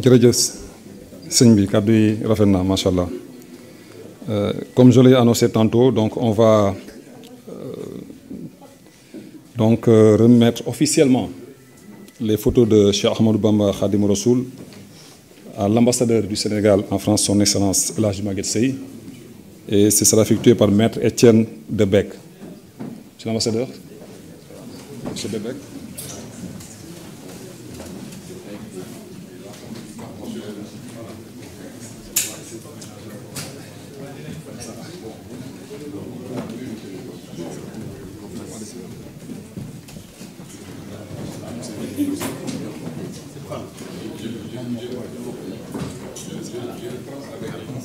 jërëjëf sëñ bi kàddu yi rafet na macha allah euh, comme je l'ai annoncé tantôt donc on va euh, donc euh, remettre officiellement les photos de Cheikh Ahmadou Bamba Khadim Rassoul à l'ambassadeur du Sénégal en France son excellence la Hadji Maguette Seye et ce effectué par maître Étienne Debec c'est l'ambassadeur monsieur Debec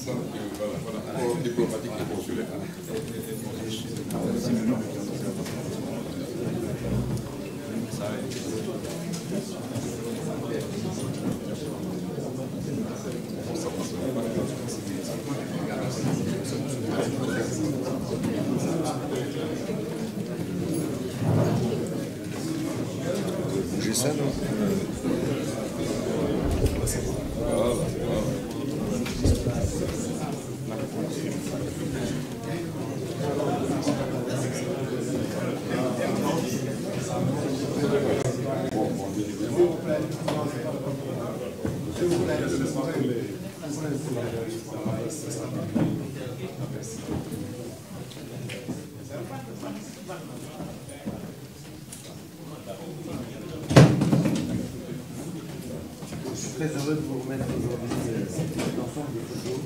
Donc, voilà, voilà, pour très heureux de vous remettre aujourd'hui euh, cet ensemble de photos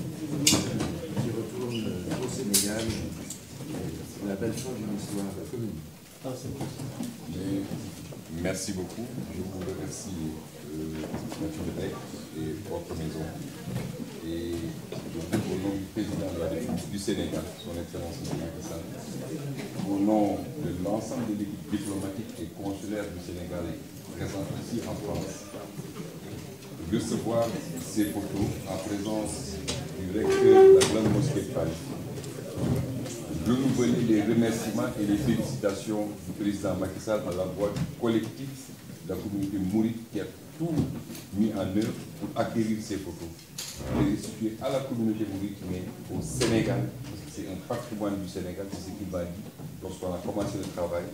qui retournent euh, au Sénégal, euh, la belle fin d'une histoire commune. Ah, et merci beaucoup. Je vous remercie, euh, Mathieu Lebec et votre maison. Sénégal, son Excellence Macky Sall, au nom de l'ensemble de l'équipe diplomatique et consulaire du Sénégal présente ici en France, recevoir ces photos en présence du recteur de la Grande Mosquée de Paris. président Macky la voix collectif la communauté mouride qui a tout mis en œuvre pour acquérir ces photos, les restituer à la communauté mouride, mais au Sénégal, parce que c'est un patrimoine du Sénégal, c'est ce qu'il m'a dit lorsqu'on a commencé le travail,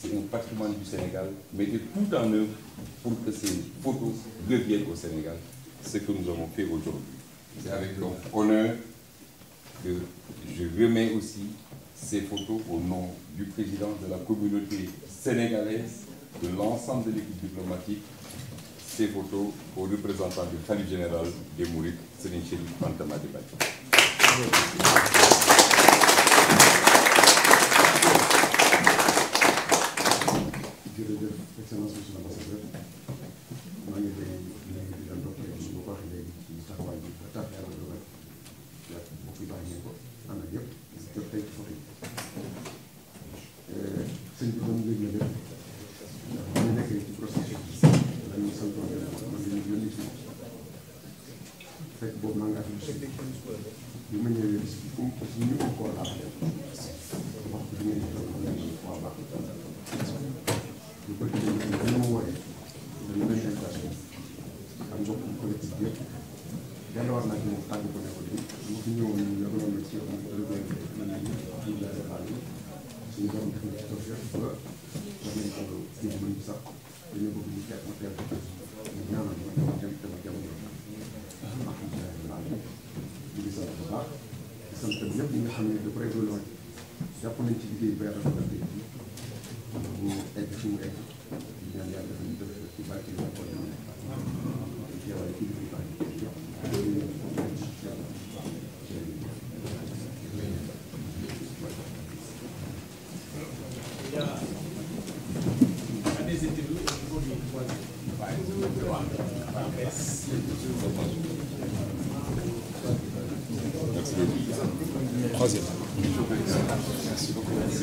c'est un patrimoine du Sénégal, mettez tout en œuvre pour que ces photos reviennent au Sénégal, ce que nous avons fait aujourd'hui. C'est avec donc honneur que je remets aussi ces photos au nom du président de la communauté sénégalaise, de l'ensemble de l'équipe diplomatique ces photos aux représentants du Khalif général des Mourides, Serigne Chérif Anta Madické ñu ko koo laaj leen wax dëgg yàlla ñu toll nii ñu ko baax ñu bëgg leen ñu gën a wooyee dañu mel ne station ak mbokku collectif yëpp delluwaat naa ci moom tàgg ko ne ko di mu fi ñëwoon ñu ne doon ci yow ñu doon mel ni ñu daal di xaar suñu borom def na ci toog yëpp ba war nañ toll ci mën sax dañu bëgg ñu teel ma teel ñu ñaanal ma jëm jëm jamono alhamdulilah ñu ngi sant bu baax di sant ñëpp nga xam ne dafa réglé woon jàpp nañ ci liggéey ba yàlla dogal tey jii mu egg fi mu egg di ñaan yàlla dafa ñu def ci barke yi ko ñu nekk di teewaay ci liggéey baax yi yëpp Thank troisième. Merci beaucoup. Merci.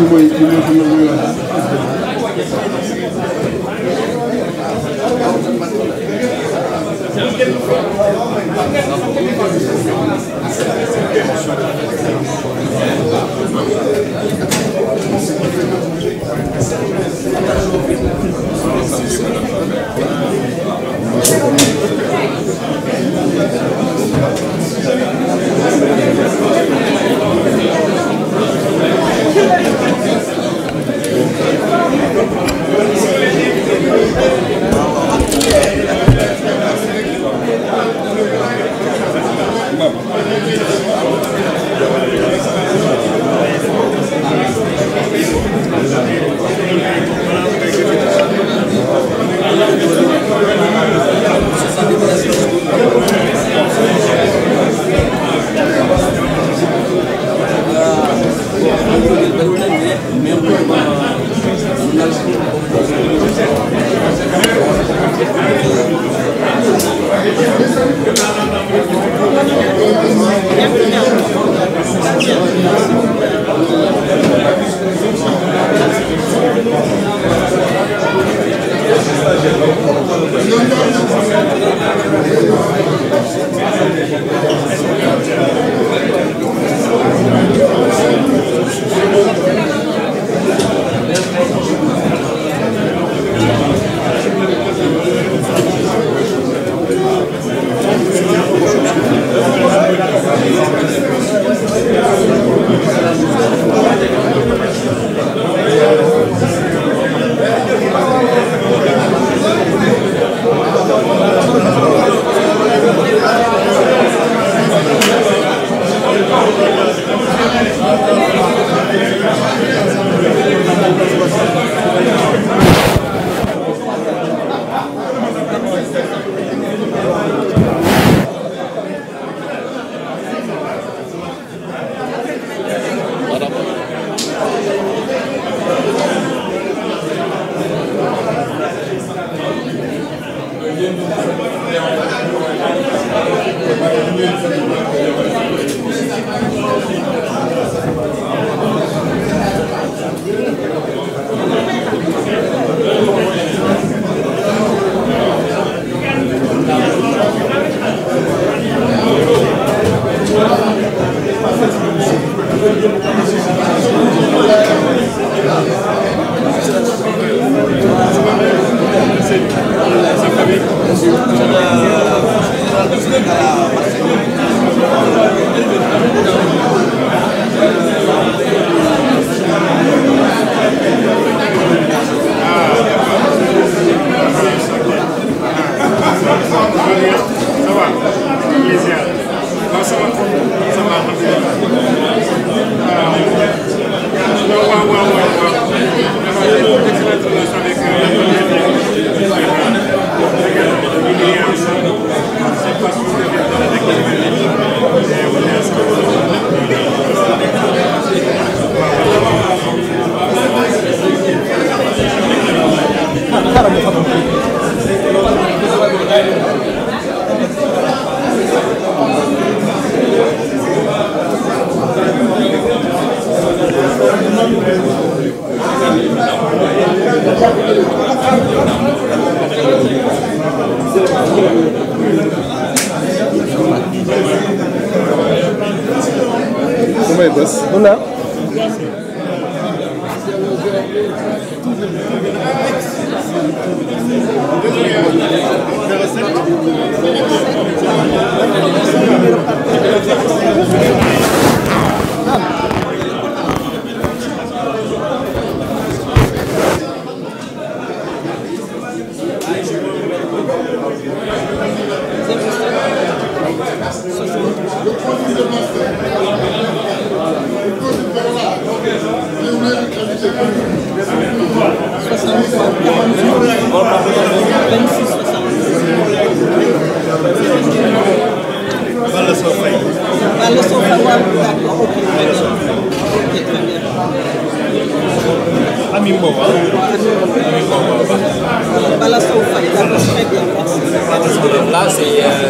ñu koy ñu koy xam ne mooy wax Thank you. Bunlar?